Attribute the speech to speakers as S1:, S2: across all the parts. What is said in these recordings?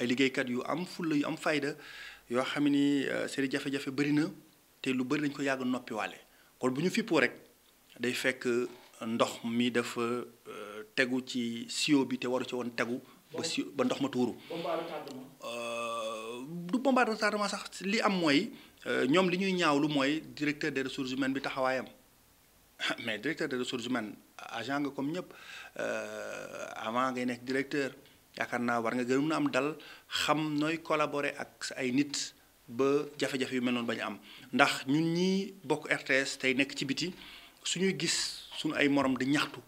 S1: ay liggéeykat yu am fulla yu am fayda yoo xam ni euh, seen jafe-jafe bëri na te lu bëri lañ ko yàgg noppiwaale kon bu ñu fippoo rek day fekk ndox mi dafa euh, tegu ci siyo bi te waru ci woon tegu ba si ba ndox ma tuuru euh, du bomba retardement sax li am mooy ñoom li ñuy ñaawlu mooy directeur des ressources humaines bi taxawaayam mais directeur des ressources humaines agent nga comme ñëpp avant ngay nekk directeur yaakaar naa war nga gën mun a am dal xam nooy collabore ak ay nit ba jafe-jafe yu mel noonu ba am ndax ñu ñii bokk RTS tey nekk ci biti suñuy gis suñu ay morom di ñaxtu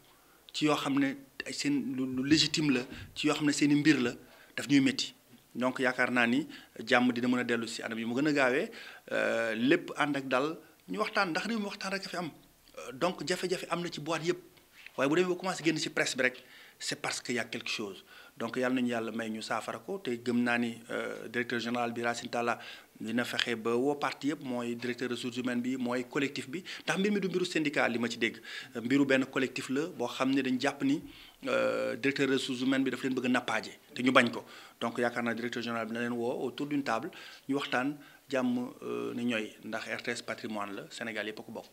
S1: ci yoo xam ne ay seen lu légitime la ci yoo xam ne seen i mbir la daf ñuy métti donc yaakaar naa ni jàmm dina mën a dellu si anam yi mu gën a gaawee euh, lépp ànd ak dal ñu waxtaan ndax réew mi waxtaan rek a fi am euh, donc jafe-jafe am na ci boîte yëpp waaye bu demee ba commencé génn ci presse bi rek c'est parce que y a donc yàlla nañu yalla may ñu saafara ko te gëm naa ni euh, directeur général bi Racine Talla dina fexe ba woo parti yëpp mooy directeur ressources humaines bi mooy collectif bi ndax mbir mi du mbiru syndicat li ma ci dégg mbiru benn collectif la boo xam ne dañ jàpp ni euh, directeur ressources humaines bi daf leen bëgg a nappaaje te ñu bañ ko donc yaakaar naa directeur général bi na leen woo autour d'une table ñu waxtaan jàmm euh, ni ñooy ndax RTS patrimoine la Sénégal yëpp ko bokk